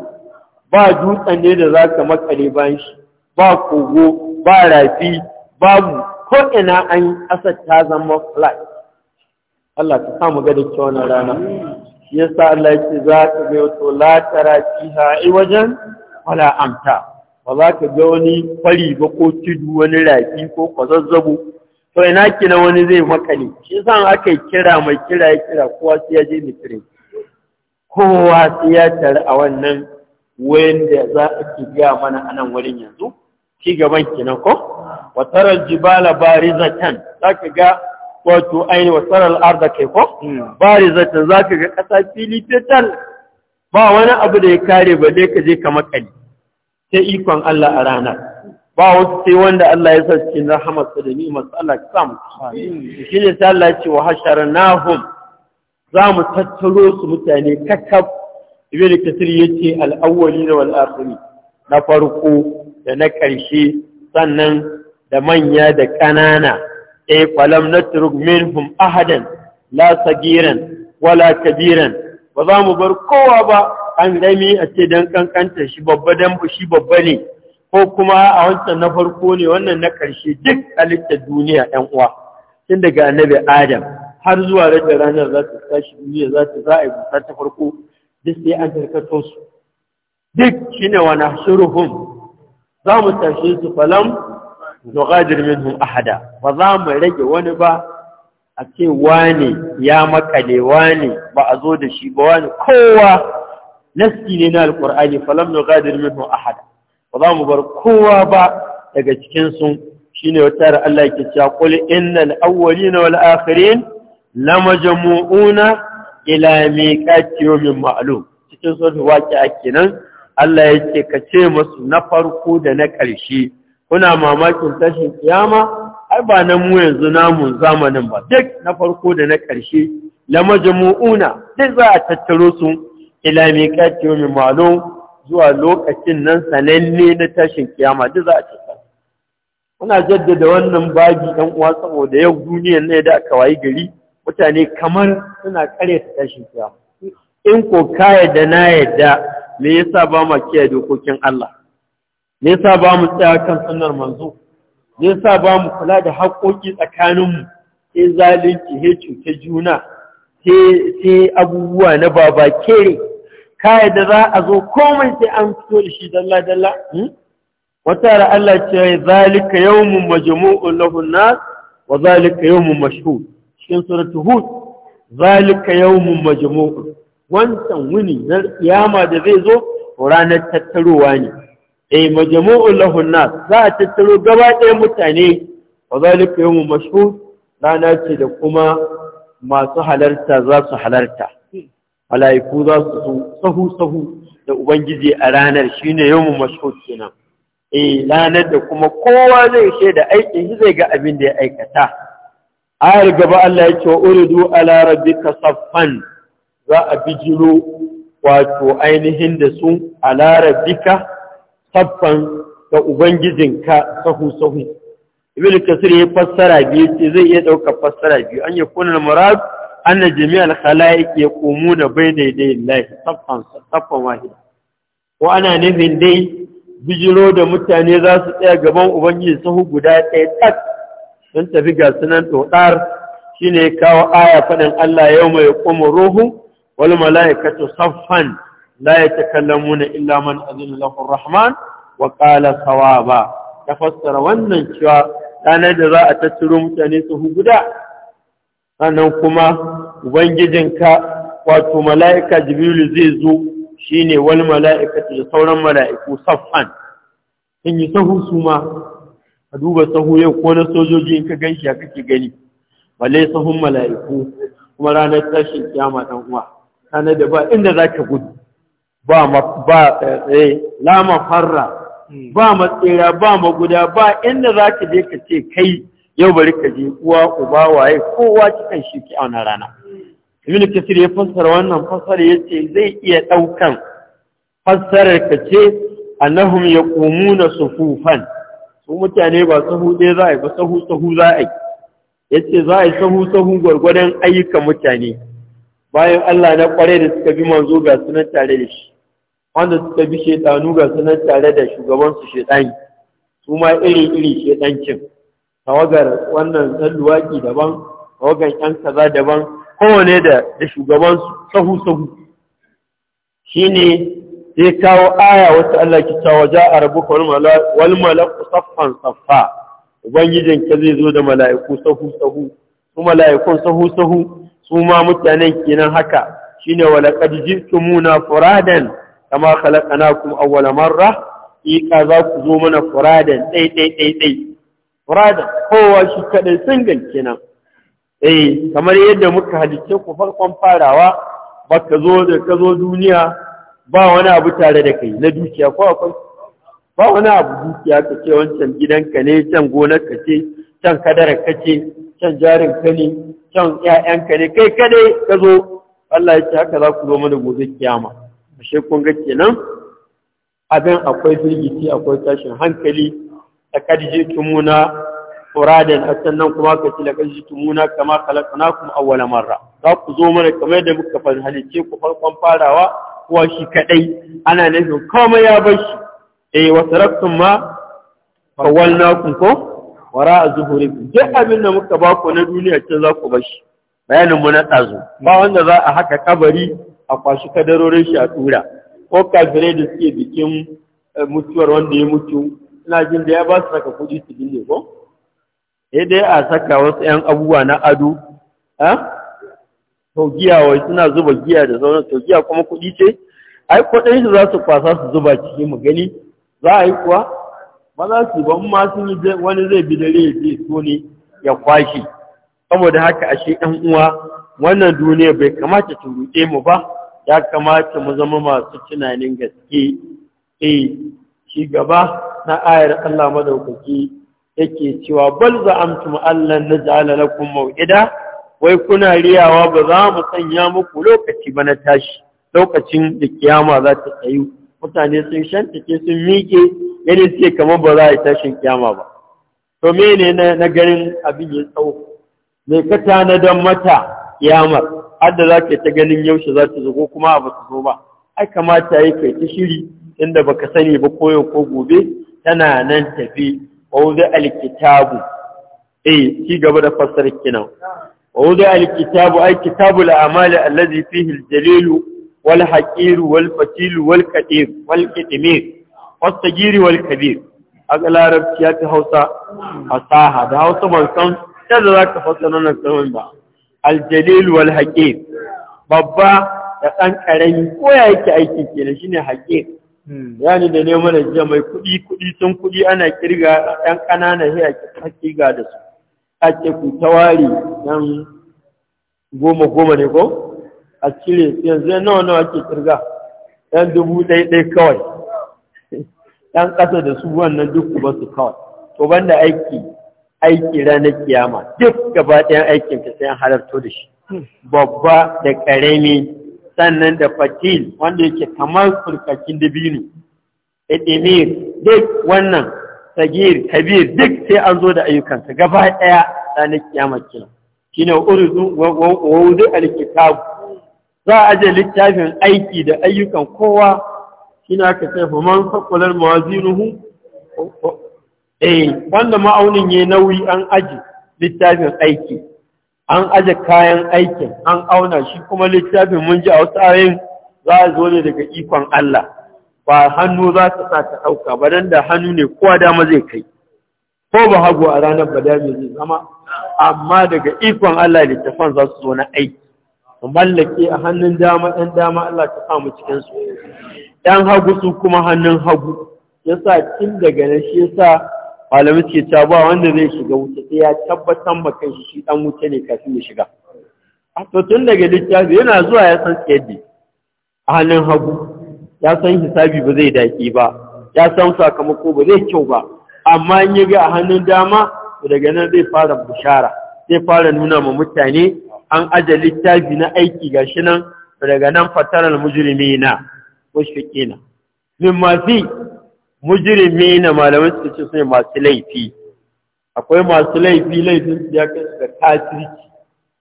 ba dutsen ne da za ka makale ba shi ba kogo ba rafi babu ko ina an ƙasa ta zama flat Allah ka samu ga da wannan rana yasa Allah ya ce za ka ga wato latara tara fiha wajen wala amta ba za ka ga wani fari ba ko tudu wani rafi ko kwazazzabo to ina kina wani zai makale shi san aka yi kira mai kira ya kira kowa sai ya je mitirin kowa sai ya tar a wannan wayan da za a ke gaya mana a nan wurin yanzu Ki gaban kinan ko wa taral jibala barizatan zaka ga wato aini wa taral arda kai ko hmm. barizatan zaka ga kasa fili fitan ba wani abu da ya kare ba dai ka je ka makale sai ikon Allah a ranar ba wasu sai wanda Allah ya sa cikin rahamarsa da ni'imar Allah sam shi ne sai Allah ya ce wa hum za mu tattaro su mutane kakkaf ibn kasir yace al-awwalina wal akhirin na farko da na ƙarshe sannan da manya da ƙanana eh turuk natruk hum, ahadan la sagiran wala kabiran ba za mu bar kowa ba ƙanƙami a ce don ƙanƙanta shi babba don shi babba ne ko kuma a wancan na farko ne wannan na ƙarshe duk halittar duniya ɗan uwa tun daga annabi adam har zuwa rage ranar za ta tashi duniya za ta za a yi busa ta farko duk sai an tarkato su duk shi ne wani shuruhun za mu tashe su falam nugadir hun ahada ba za mu rage wani ba a ce wane ya makale wane ba a zo da shi ba wane kowa naski ne na alqur'ani falam nughadir minhu Ahad. ba za mu bar kowa ba daga cikin su shine wata Allah yake cewa qul innal awwalina wal akhirin lamajmu'una ila miqati yawmin ma'lum cikin sura waqi'a kenan Allah yake kace musu na farko da na ƙarshe kuna mamakin tashin kiyama ai ba na mu yanzu namu zamanin ba duk na farko da na ƙarshe la duk za a tattaro su ila miqati mai ma'lum zuwa lokacin nan sananne na tashin kiyama duk za a ce muna jaddada wannan bagi ɗan uwa saboda yau duniyar ne da aka wayi gari mutane kamar suna kare ta tashin kiyama in ko ka yadda na yadda me yasa ba mu kiyaye dokokin Allah me yasa ba mu tsaya kan sunnar manzo me yasa ba mu kula da haƙoƙi tsakaninmu sai zalunci sai cuta juna sai abubuwa na baba kere ka yadda za a zo komai sai an fito da shi dalla dalla hmm? wata ra Allah ce zalika yawmun majmu'un lahu an-nas wa zalika mu mashhud cikin suratul hud zalika mu majmu'un wancan wuni na kiyama da zai zo ranar tattarowa ne eh majmu'un lahu an-nas za a tattaro gaba ɗaya mutane wa zalika mu mashhud rana ce da kuma masu halarta za su halarta mala'iku za su sahu sahu da ubangiji a ranar shine yawmul mashhud kenan eh ranar da kuma kowa zai da aikin shi zai ga abin da ya aikata ayar gaba Allah ya ce wa uridu a larabi saffan za a bijiro wato ainihin da su a rabbika saffan ga ubangijinka sahu sahu ibn kasir ya fassara biyu ce zai iya ɗaukar fassara biyu an yakuna al muradu anna jami'al khalaiq yaqumuna bayna yaday Allah saffan saffan wahida ko ana nufin dai bijiro da mutane za su tsaya gaban ubangiji sahu guda ɗaya tak sun tafi ga sunan todar shine kawo aya faɗin Allah yawma yaqumu ruhu wal malaikatu saffan la yatakallamuna illa man azina lahu rahman wa qala sawaba tafassara wannan cewa ranar da za a tattaro mutane sahu guda sannan kuma ubangijinka wato mala'ika Jibril zai zo shine wani mala’ika da sauran mala'iku saffan in yi sahu su ma a duba sahu yau ko na sojoji in ka gan shi kake gani balle sahun mala'iku kuma ranar tashin kiyama dan uwa Kana da ba inda za ka gudu ba ba tsaye eh, lama farra hmm. ba matsira ba maguda ba inda za ka je ka ce kai yau bari ka je uwa uba waye kowa cikin shi ke a rana ibn kasir ya fassara wannan fassara yace zai iya daukan fassarar ka ce annahum yaqumuna sufufan su mutane ba sahu dai za a yi ba sahu sahu za a yi yace za a yi sahu sahu gwargwadon ayyukan mutane bayan Allah na kware da suka bi manzo ga sunan tare da shi wanda suka bi shedanu ga sunan tare da shugaban su shedani su ma iri iri shedancin tawagar wannan dan daban tawagar yan kaza daban kowane da da shugabansu sahu sahu ne sai kawo aya wata Allah ki ja a rabu wal walmalaku saffan saffa ubangijin ka zai zo da mala'iku sahu sahu su mala'ikun sahu sahu su ma mutanen kenan haka Shi ne shine walaqad muna furaden kama kuma awwala marra ika za ku zo mana furaden ɗai-ɗai-ɗai-ɗai. furaden kowa shi kadai singan kenan eh kamar yadda muka halicce ku farkon farawa ba ka zo da ka zo duniya ba wani abu tare da kai na dukiya ko akwai ba wani abu dukiya ka ce wancan gidanka ne can gonar ka ce can kadara ka ce can jarin ka ne can ƴaƴanka ne kai kadai ka zo Allah ya ce haka za ku zo mana gobe kiyama ashe kun ga kenan abin akwai firgici akwai tashin hankali a kadije furadan sannan kuma ka ci lakan shi tumuna kama awwala marra za ku zo mana kamar da muka fa halice ku farkon farawa kuwa shi kadai ana nufin komai ya bar shi eh wa taraktum ma fawalnakum ko wara zuhurikum duk abin da muka ba ku na duniya ce za ku bar shi bayanin mu na tazo ba wanda za a haka kabari a kwashi kadarorin shi a tura ko kafirai da suke bikin eh, mutuwar wanda ya mutu ina jin da ya ba su saka kuɗi su binne ko dai a saka wasu ƴan abubuwa na ado a giya wai suna zuba giya da sauran giya kuma kuɗi ce ai kuɗin shi za su kwasa su zuba ciki mu gani za a yi kuwa ba za su ba ma sun yi wani zai bi dare ya je, so ne ya kwashe saboda haka ashe ɗan uwa wannan duniya bai kamata ta ruɗe mu ba ya kamata mu zama masu tunanin gaske eh shi gaba na ayar Allah madaukaki yake cewa bal za za'amtum allan naj'ala lakum maw'ida wai kuna riyawa ba za mu sanya muku lokaci ba na tashi lokacin da kiyama za ta tsayu mutane sun ke sun miƙe yadda suke kamar ba za a yi tashin kiyama ba to mene na garin abin ya tsawo mai ka tanadan mata kiyamar har da za ka ta ganin yaushe za ta zo ko kuma a ba zo ba ai kamata yi kai ta shiri inda baka sani ba koyo ko gobe tana nan tafi wawuzi alkitabu eh ci gaba da fassara kenan wawuzi alkitabu ai kitabu al'amali allazi fihi aljalilu wal haqiru wal fatilu wal qadir wal kabir aka larabci ya ta hausa fasaha da hausa ban san yadda za ka fasa nanan kalmomin ba aljalilu wal babba da ƙanƙarami ƙarami ko ya yake aiki kenan shine haqir Hmm. yani da ne da jiya mai kuɗi kuɗi sun kuɗi ana kirga ɗan ƙananan sai a ga da su ake ku tawari ɗan goma goma ne ko a cire yanzu nawa nawa ake kirga ɗan dubu ɗai ɗai kawai ɗan ƙasa da su wannan duk ba su kawai to banda aiki aiki ranar kiyama duk gaba ɗayan aikin ka sai an halarto da shi hmm. babba da ƙarami sannan da fatil wanda yake kamar furkakin dabino idimir duk wannan sagir kabir duk sai an zo da ayyukansa gaba ɗaya ranar kiyama kenan shine urdu wa wudu alkitab za a je littafin aiki da ayyukan kowa shine aka sai fa man faqulan mawazinuhu eh wanda ma'aunin ya nauyi an aji littafin aiki an aje kayan aikin an auna shi kuma littafin mun ji a wasu ayoyin za a zo ne daga ikon Allah ba hannu za ta sa ta ɗauka ba dan da hannu ne kowa dama zai kai ko ba hagu a ranar ba dame zai zama amma daga ikon Allah littafan za su zo na aiki mallake a hannun dama ɗan dama Allah ta samu cikin su ɗan hagu su kuma hannun hagu yasa kin daga na shi yasa malamin ce ta ba wanda zai shiga wuta sai ya tabbatar ba kai shi dan wuce ne kafin ya shiga a to tun daga littafi yana zuwa ya san tsayadi a hannun hagu ya san hisabi ba zai daki ba ya san sakamako ba zai kyau ba amma in ya ga a hannun dama daga nan zai fara bushara zai fara nuna ma mutane an aje littafi na aiki gashi nan daga nan fataral mujrimina ko shakina mimma fi mujirimi na malamai suka ce sune masu laifi akwai masu laifi laifin su ya kai su ga kafirci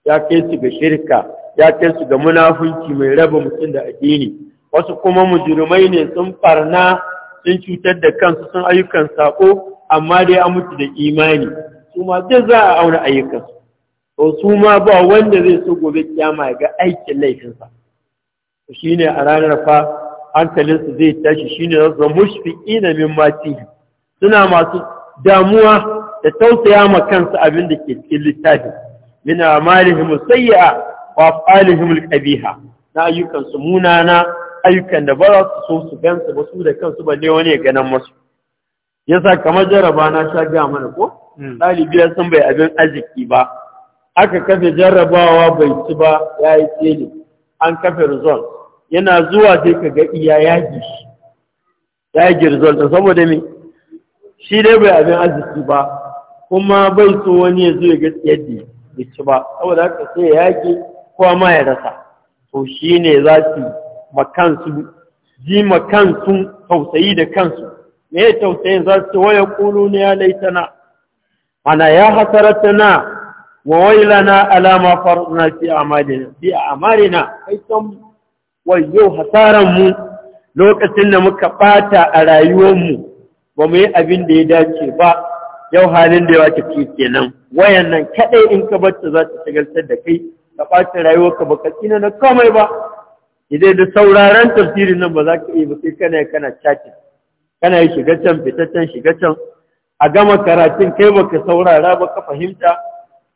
ya kai su ga shirka ya kai su ga munafunci mai raba mutum da addini wasu kuma mujirmai ne sun farna sun cutar da kansu sun ayyukan sako amma dai an mutu da imani su ma duk za a auna ayyukansu to su ma ba wanda zai so gobe kiyama ga aikin laifinsa shi ne a ranar fa hankalinsu zai tashi shine za mushfi ina min mati. suna masu damuwa da tausaya ma kansu abin da ke cikin littafi min amalihim musayya wa af'alihim al na ayyukan su munana ayyukan da ba za su so su gansu ba su da kansu ba ne wani ya ganan musu yasa kamar jaraba na sha ga mana ko hmm. ɗalibi ya san bai abin arziki ba aka kafe jarrabawa bai ci ba ya yi tsere an kafe result yana zuwa sai ka ga iya yagi shi yagi girzonta saboda me shi dai bai abin arziki ba kuma bai so wani ya zo ya ga yadda ya ci ba saboda haka sai yage kowa ma ya rasa to shi ne za su makansu ji makansu tausayi da kansu me ya tausayin za su waya kulu ne ya laitana ana ya hasaratana wa wailana alama farna fi amalina fi amalina kai yau wayo mu lokacin da muka bata a rayuwarmu ba mu yi abin da ya dace ba yau halin da wata tafi kenan wayan nan kaɗai in ka bata za ta shagaltar da kai ka ɓata rayuwarka ba ka tsina na komai ba idan da sauraron tafsirin nan ba za ka iya ba sai kana kana chatting kana yi shiga can fitaccen shiga can a gama karatun kai baka saurara ba ka fahimta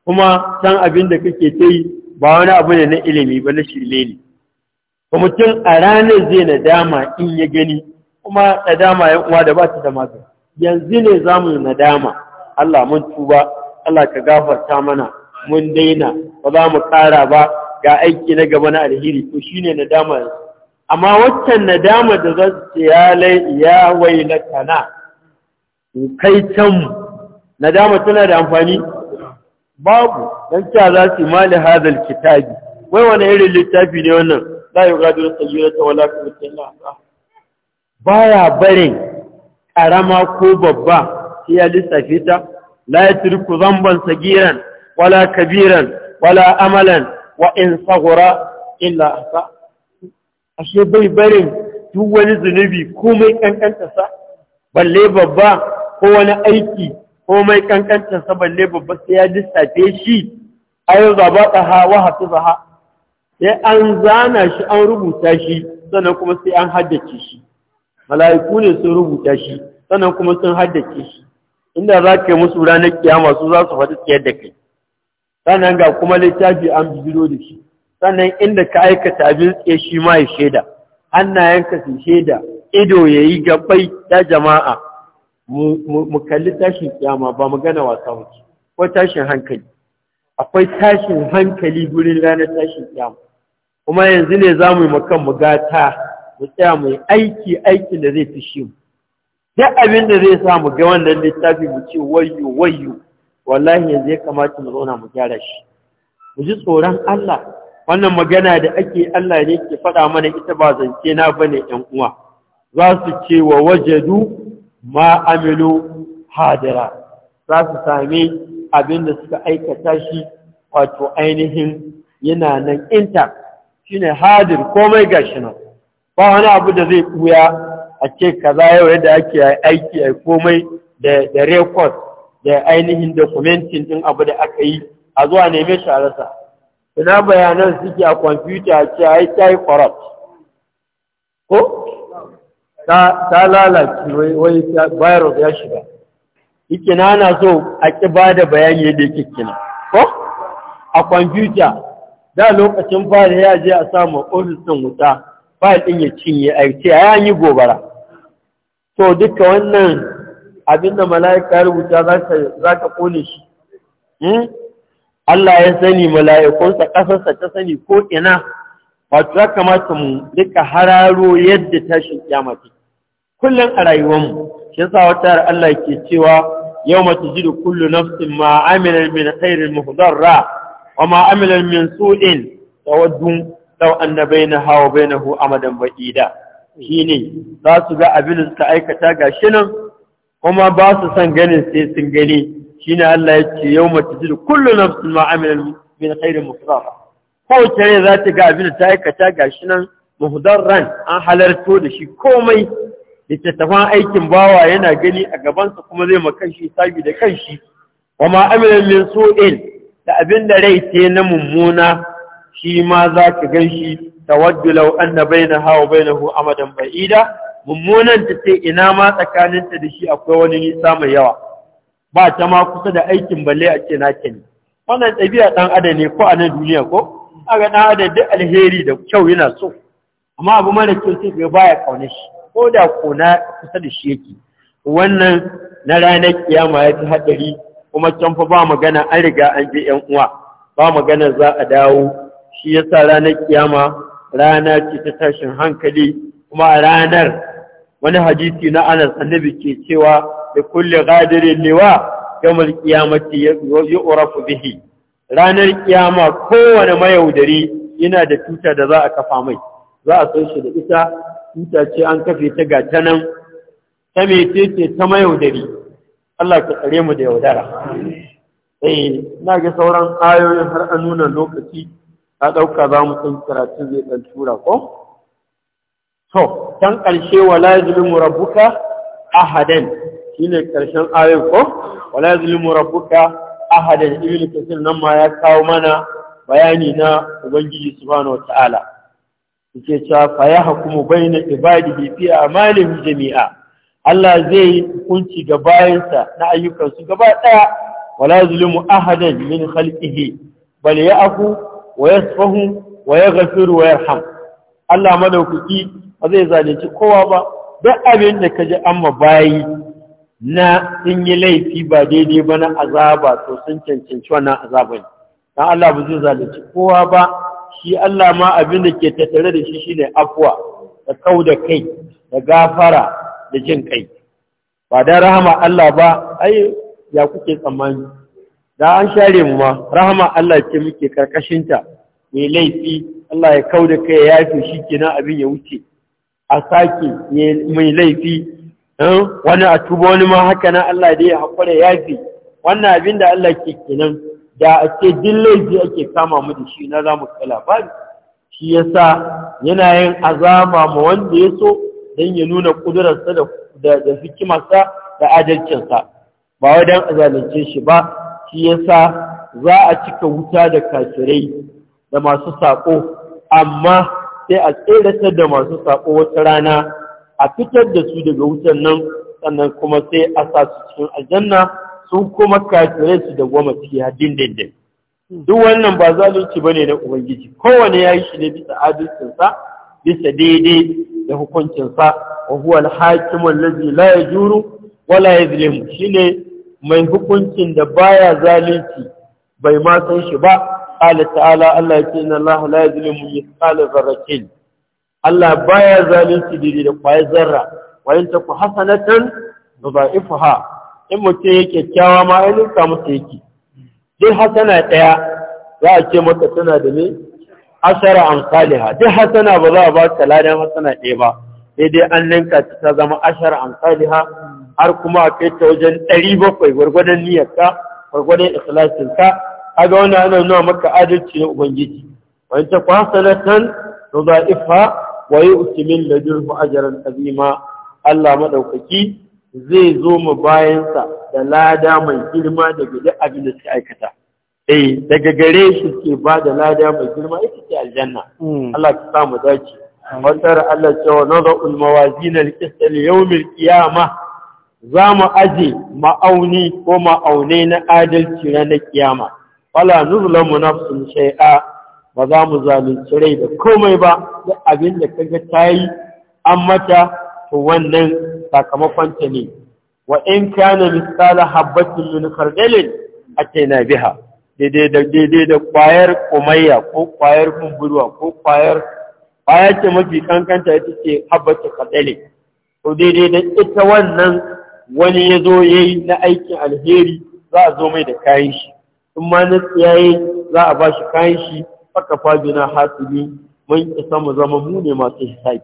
kuma san abin da kake ta yi ba wani abu ne na ilimi ba na shirme ne ba mutum a ranar zai nadama in ya gani kuma nadama ya uwa da ba ta da magani yanzu ne za mu nadama Allah mun tuba Allah ka gafarta mana mun daina ba za mu ƙara ba ga aiki na gaba na alheri to ne nadama yanzu amma waccan nadama da za su ce ya lai ya wai na kana kai can nadama tana da amfani babu don cewa za su yi mali hazal kitabi wai wani irin littafi ne wannan la yughadiru sayyirata wala kabirata illa Ba baya barin karama ko babba sai ya lissafe ta la yatruku zamban sagiran wala kabiran wala amalan wa in saghara illa asa. ashe bai barin duk wani zunubi komai kankanta sa balle babba ko wani aiki komai kankanta sa balle babba sai ya lissafe shi ayu zabata ha wa hafizaha sai an zana shi an rubuta shi sannan kuma sai an haddace shi mala'iku ne sun rubuta shi sannan kuma sun haddace shi inda za ka yi musu ranar kiyama su za su faɗi tsayar da kai sannan ga kuma littafi an bijiro da shi sannan inda ka aikata abin tsaye shi ma ya shaida hannayenka su shaida ido ya yi gabai ta jama'a mu kalli tashin kiyama ba magana wasa wuce ko tashin hankali akwai tashin hankali gurin ranar tashin kiyama kuma yanzu ne za mu yi makan mu gata mu tsaya mu yi aiki aikin da zai shi mu duk abin da zai sa mu ga wannan littafi mu ce wayyo wayyo wallahi yanzu ya kamata mu zauna mu gyara shi mu ji tsoron Allah wannan magana da ake Allah ne ke faɗa mana ita ba zance na bane ƴan uwa za su ce wa wajadu ma amilu hadira za su sami abin da suka aikata shi wato ainihin yana nan intact shine hadir komai gashi nan ba wani abu da zai buya a ce kaza yau yadda ake aiki a komai da da record da ainihin documenting din abu da aka yi a zuwa neme shi a ina bayanan suke a kwamfuta a ce ta yi corrupt ko ta lalace wai virus ya shiga ikina na so a ƙi ba da bayani yadda yake kina ko a kwamfuta da lokacin fari ya je a samu ofisun wuta fayil ɗin ya cinye a ce a yi gobara to duka wannan abinda da mala'ika ya rubuta za ka kone shi hmm? Allah ya sani mala'ikunsa ƙasarsa ta sani ko ina wato ya kamata mu duka hararo yadda tashin kiyama kullum a rayuwarmu shi sa wata Allah ke cewa yau mata jiri kullu nafsin na min khairin muhdarra wa ma amila min su'in tawaddu hawa anna bainaha wa bainahu amadan shine za su ga abin da suka aikata shi nan kuma ba su san ganin sai sun gani shine Allah ya ce yawma tajidu kullu nafsin ma amila min khairin musrafa kowace rai za ta ga abin da ta aikata shi nan muhdarran an halarto da shi komai littattafan aikin bawa yana gani a gabansa kuma zai ma kanshi sabi da kanshi wa ma amila min su'in da abin da rai ce na mummuna shi ma za ka gan shi tawaddu law anna bainaha wa bainahu amadan ba'ida mummunan ta ce ina ma tsakaninta da shi akwai wani nisa mai yawa ba ta ma kusa da aikin balle a ce nake ne wannan ɗabi'a ɗan adam ne ko a nan duniya ko ga ɗan adam duk alheri da kyau yana so amma abu mara kyau sai ga baya kauna shi ko da kona kusa da shi yake wannan na ranar kiyama ya fi haɗari kuma can fa ba magana an riga an je ‘yan uwa ba magana za a dawo shi yasa ranar kiyama rana ce ta tashin hankali kuma a ranar wani hadisi na anas annabi ke cewa da kulle gadirin liwa yawmal kiyamati yu'rafu bihi ranar kiyama kowane mayaudari yana da tuta da za a kafa mai za a san shi da ita tuta ce an kafe ta gata nan ta mece ce ta mayaudari Allah ka tsare mu da yaudara eh na ga sauran ayoyin har an nuna lokaci a ɗauka za mu san karatun zai ɗan tura ko to can ƙarshe wala a rabbuka Shi ne ƙarshen ayoyin ko wala yazlimu rabbuka ahadan ibnu kasir nan ma ya kawo mana bayani na ubangiji subhanahu ta'ala. yake cewa fa yahkumu baina ibadihi fi a'malihi jami'a Allah zai hukunci ga bayansa na su gaba ɗaya wala zulmu ahadan min khalqihi bal ya'fu wa yasfahu wa yaghfiru wa yarham Allah madaukaki ba zai zalunci kowa ba duk abin da kaji amma bayi na sun yi laifi ba daidai ba na azaba to sun cancanci wannan azabai dan Allah ba zai zalunci kowa ba shi Allah ma abin da ke tattare da shi shine afwa da kauda kai da gafara da jin kai ba da rahama Allah ba ai ya kuke tsammani da an share mu ma rahama Allah ce muke karkashin ta mai laifi Allah ya kauda kai ya yafe shi kenan abin ya wuce a sake mai laifi eh, wani a tuba wani ma haka nan Allah da ya haƙura ya yafe wannan abin da Allah ke kenan da a ce din laifi ake kama mu da shi na za mu kala shi yasa yana yin azama ma wanda ya so don ya nuna ƙudurarsa da hikimarsa da adalcinsa ba wa don azalince shi ba shi yasa za a cika wuta da kafirai da masu saƙo amma sai a tseratar da masu saƙo wata rana a fitar da su daga wutan nan sannan kuma sai a sa su cikin aljanna su kuma kafirai su da goma ciya dindindin duk wannan ba zalunci ne na ubangiji kowane ya yi shi ne bisa adalcinsa bisa daidai da hukuncinsa wa huwa al-hakimu allazi la yajuru wa la Shi shine mai hukuncin da baya zalunci bai ma shi ba qala ta'ala Allah yake inna Allah la yuzlimu mithqala dharratin Allah baya zalunci da kwayar zarra wa in taku hasanatan ha. in mutum yake kyakkyawa ma ainihin samu yake duk hasana ɗaya. za a ce mata tana da ne asara amsaliha duk hasana ba za a ba ta ladan hasana ɗaya ba sai dai an ninka ta zama ashara amsaliha har kuma a kai ta wajen ɗari bakwai gwargwadon niyyarka gwargwadon ikhlasinka kaga wannan ana nuna maka adalci na ubangiji wa in takwa hasanatan tudaifa wa yu'ti min ladunhu ajran azima Allah maɗaukaki zai zo mu bayansa da lada mai girma da duk abin da suka aikata eh daga gare shi ke ba da lada mai girma ita ce aljanna hmm. Allah ka samu dace wannan Allah ce al nadau almawazin yawm al-qiyama za mu aje ma'auni ko ma'aune na adalci ranar kiyama wala nuzlamu nafsun shay'a ba za mu zalunci rai da komai ba duk abin da kaga tayi an mata to wannan sakamakon ta ne wa in kana misala habatin min khardalin atayna biha daidai da kwayar kumayya ko kwayar kumburwa ko kwayar kwayar ce mafi kankanta ita ce habbata kadale Ko daidai da ita wannan wani ya zo ya yi na aikin alheri za a zo mai da kayan shi in ma na tsiyaye za a ba shi kayan shi na fajina hasili mun isa mu zama mu ne masu hisabi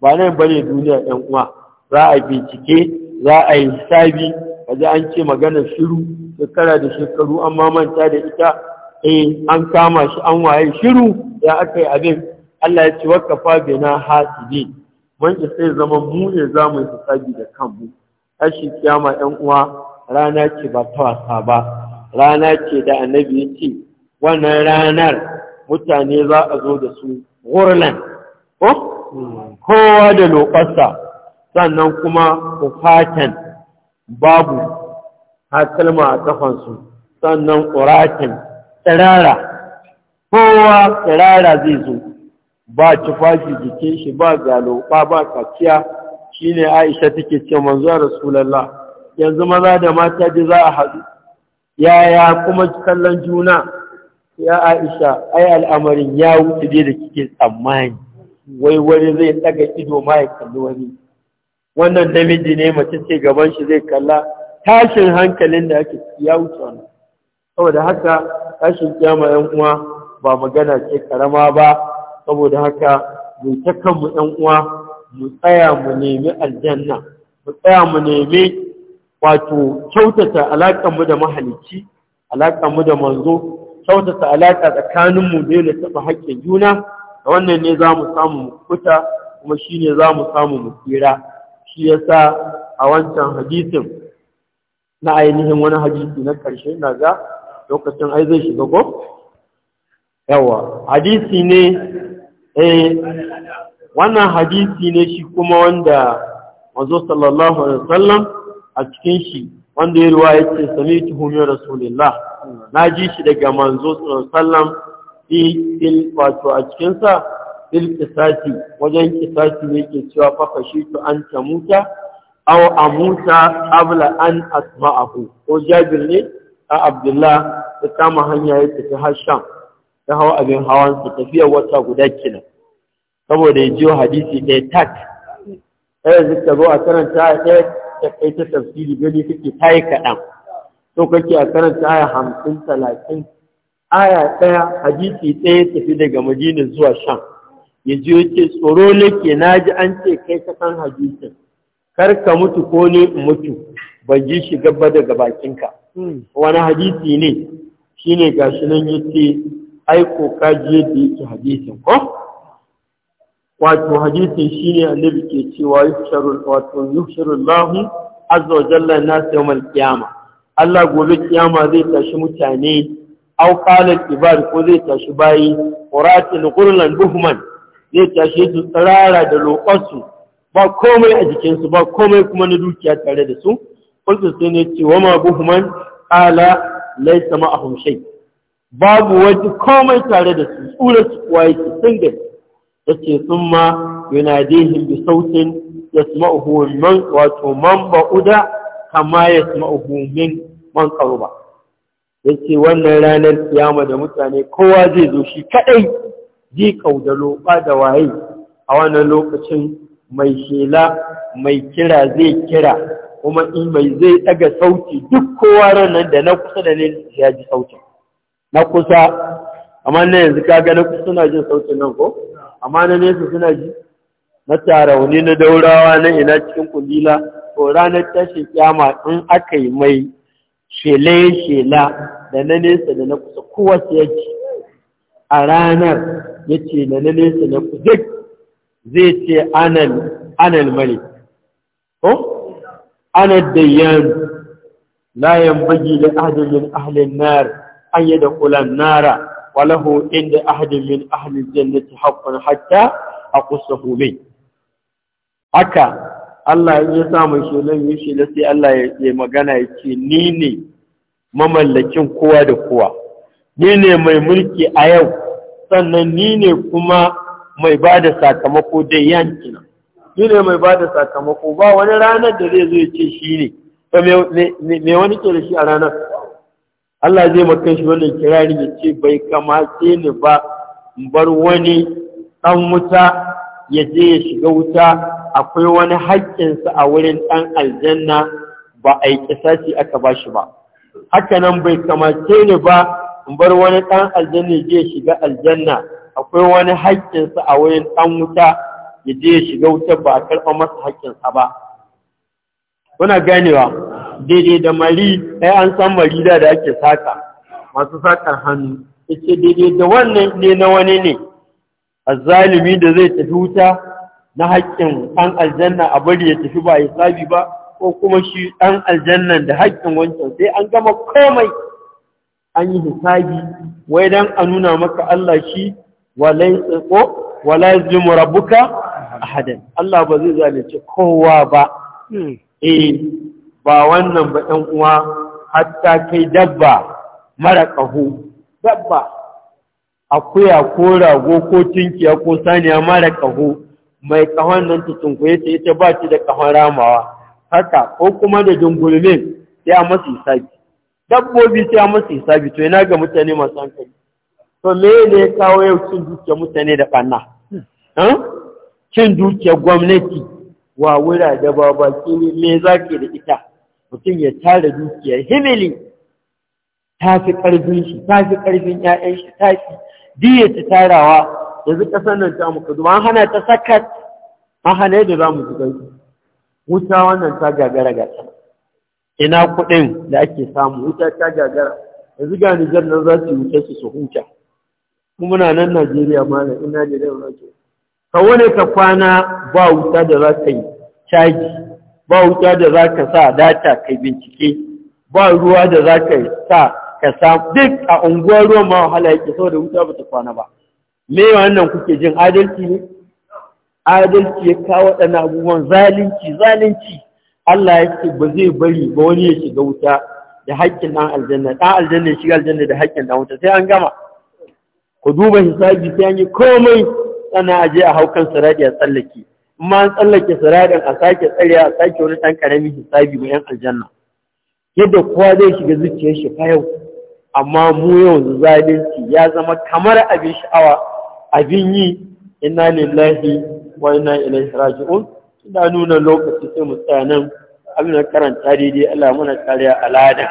ba nan bane duniya ɗan uwa za a bincike za a yi hisabi kaji an ce maganar shiru shekara da shekaru an mamanta da ita eh an kama shi an waye shiru ya aka yi abin Allah ya ce wakafa bina hasibi mun ki sai zama mu ne za mu hisabi da kanmu ashi kiyama ɗan uwa rana ce ba ta wasa ba rana ce da annabi ya ce wannan ranar mutane za a zo da su gurlan ko kowa da lokarsa sannan kuma kufatan babu har kalma a kafansu sannan ƙuratin tsirara kowa tsirara zai zo ba tufafi jikin shi ba galoba ba kaciya ne aisha take ce manzo rasulallah yanzu maza da mata da za a haɗu yaya kuma kallon juna ya aisha ai al'amarin ya wuce dai da kike tsammani wai wani zai ɗaga ido ma ya kalli wani wannan namiji ne mace ce gaban shi zai kalla tashin hankalin da ake ya wuce wani saboda haka tashin kyama yan uwa ba magana ce karama ba saboda haka mu ta kanmu yan uwa mu tsaya mu nemi aljanna mu tsaya mu nemi wato kyautata alaƙar mu da mahalicci alaƙar mu da manzo kyautata alaƙa tsakaninmu mu da yana taɓa haƙƙin juna da wannan ne za mu samu mu kuta kuma shi ne za mu samu mu tsira shi yasa a wancan hadisin na ainihin wani hadisi na ƙarshe na ga lokacin ai zai shiga ko yawa hadisi ne eh wannan hadisi ne shi kuma wanda manzo sallallahu alaihi wasallam a cikin shi wanda ya ruwa yace sami'tu hu min Na ji shi daga manzo sallallahu alaihi wasallam wato a cikin sa fil kisati wajen kisati ne yake cewa fa fashitu an tamuta aw a Musa abla an asma'ahu ko Jabir ne a Abdullah ta kama hanya ya tafi har Sham ya hawa abin hawan su tafiya wata guda kenan saboda ya jiyo hadisi ɗaya tak ɗaya zika zo a karanta ɗaya ta kai ta tafsiri gani kake ta yi kaɗan to kake a karanta aya hamsin talatin aya ɗaya hadisi ɗaya tafi daga madina zuwa sham ya ji ce tsoro nake na ji an ce kai ka san hadisin kar ka mutu ko ne mutu ban ji shi gaba daga bakinka wani hadisi ne shine gashi nan yace ai ko ka ji yadda yake hadisin ko wato hadisin shine annabi ke cewa wato yusharullahu azza jalla yawmal Allah gobe kiyama zai tashi mutane au qalat ibad ko zai tashi bayi quratin qurlan buhman zai tashi su tsirara da lokacin. ba komai a jikinsu ba komai kuma na dukiya tare da su kultu sai ne ce wama buhman ala laisa ma'ahum shay babu wani komai tare da su tsura su kuwa yake sun gani yace summa yunadihim bi sautin yasma'uhu man wato man ba'uda kama yasma'uhu min man qaruba yace wannan ranar kiyama da mutane kowa zai zo shi kaɗai ji kaudalo ba da waye a wannan lokacin mai shela mai kira zai kira kuma in mai zai daga sauti duk kowa ranar da na kusa da ne ya ji sautin na kusa amma na yanzu kaga na kusa suna jin sautin nan ko amma na nesa suna ji na tarauni na daurawa na ina cikin kundila Ko ranar tashin kyama in aka yi mai shela shela da na nesa da na kusa kowa su ya ji a ranar ya ce da na nesa na kusa zai ce anal mali ko anal dayyan la yanbaghi li ahadin min ahli an-nar an yadkhula nara wa lahu inda ahadin min ahli jannati haqqan hatta aqussahu bi haka Allah ya sa mai ya yi da sai Allah ya magana ya ce ni ne mamallakin kowa da kowa ni ne mai mulki a yau sannan ni ne kuma mai ba da sakamako da yankina shi ne mai ba da sakamako ba wani ranar da zai zo ya ce shi ne ba mai wani ke da shi a ranar Allah zai makon shi wannan kirari ya ce bai ce ni ba bar wani ɗan wuta ya je ya shiga wuta akwai wani haƙƙinsa a wurin ɗan aljanna ba a yi aka ba shi ba haka nan bai kamace ni ba in bar wani ɗan aljanna ya je ya shiga aljanna akwai wani haƙƙinsa a wurin ɗan wuta ya je ya shiga wutar ba a karɓa masa haƙƙinsa ba. Kuna ganewa, daidai da mari, ɗaya an san mari da ake saka, masu sakar hannu, ce daidai da wannan ne na wani ne, a zalimi da zai tafi wuta na haƙƙin ɗan aljanna a bari ya tafi ba hisabi sabi ba, ko kuma shi ɗan aljannan da haƙƙin wancan sai an gama komai an yi hisabi wai don a nuna maka Allah shi wala yuzlimu rabbuka ahadan Allah ba zai zalunci kowa ba hmm. eh ba wannan ba ɗan uwa hatta kai dabba mara ƙahu. dabba akuya ko rago ko tinkiya ko saniya mara ƙahu. mai ƙahon nan ta sunkuye ta ita ba ta da ƙahon ramawa haka ko kuma da dungulmin sai a masu isabi dabbobi sai a masu isabi to yana ga mutane masu hankali to me ne ya kawo yau cin dukiyar mutane da ɓanna cin dukiyar gwamnati wa wura da babaki ne me za da ita mutum ya tara dukiyar himili ta fi ƙarfin shi ta fi ƙarfin 'ya'yan shi ta fi diya ta tarawa yanzu ƙasar nan ta muka zuwa an hana ta sakat an hana yadda za mu zuwa wuta wannan ta gagara ta, ina kuɗin da ake samu wuta ta gagara yanzu ga Nijar nan za su yi wuta su su huta muna nan Najeriya mana in da ba ke ka wani ka kwana ba wuta da za ka yi caji ba wuta da za ka sa data ka bincike ba ruwa da za ka sa ka sa duk a unguwar ruwan ma wahala yake saboda wuta ba ta kwana ba me wannan kuke jin adalci ne adalci ya kawo waɗannan abubuwan zalunci zalunci Allah ya ce ba zai bari ba wani ya shiga wuta da haƙƙin ɗan aljanna ɗan aljanna ya shiga aljanna da haƙƙin ɗan wuta sai an gama ku duba hisabi sai an yi komai ana aje a haukan sarari a tsallake amma an tsallake saradin a sake tsariya a sake wani ɗan ƙaramin hisabi mai yan aljanna yadda kowa zai shiga zuciyar shi fa yau amma mu yau zalunci ya zama kamar abin sha'awa abin yi inna lillahi wa inna ilaihi raji'un ina nuna lokaci sai mu tsaya nan abin da karanta daidai Allah muna kariya a ladan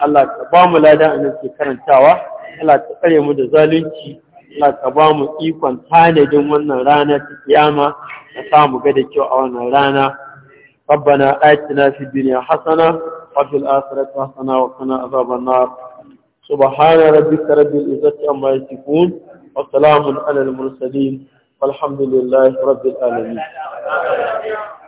Allah ka ba mu ladan annabi karantawa Allah ka tsare mu da zalunci Allah ka ba mu ikon tanadin wannan rana ta kiyama ka sa mu ga da kyau a wannan rana ربنا آتنا في الدنيا حسنة وفي الآخرة حسنة وقنا عذاب النار سبحان ربك رب العزة عما يصفون وسلام على المرسلين والحمد لله رب العالمين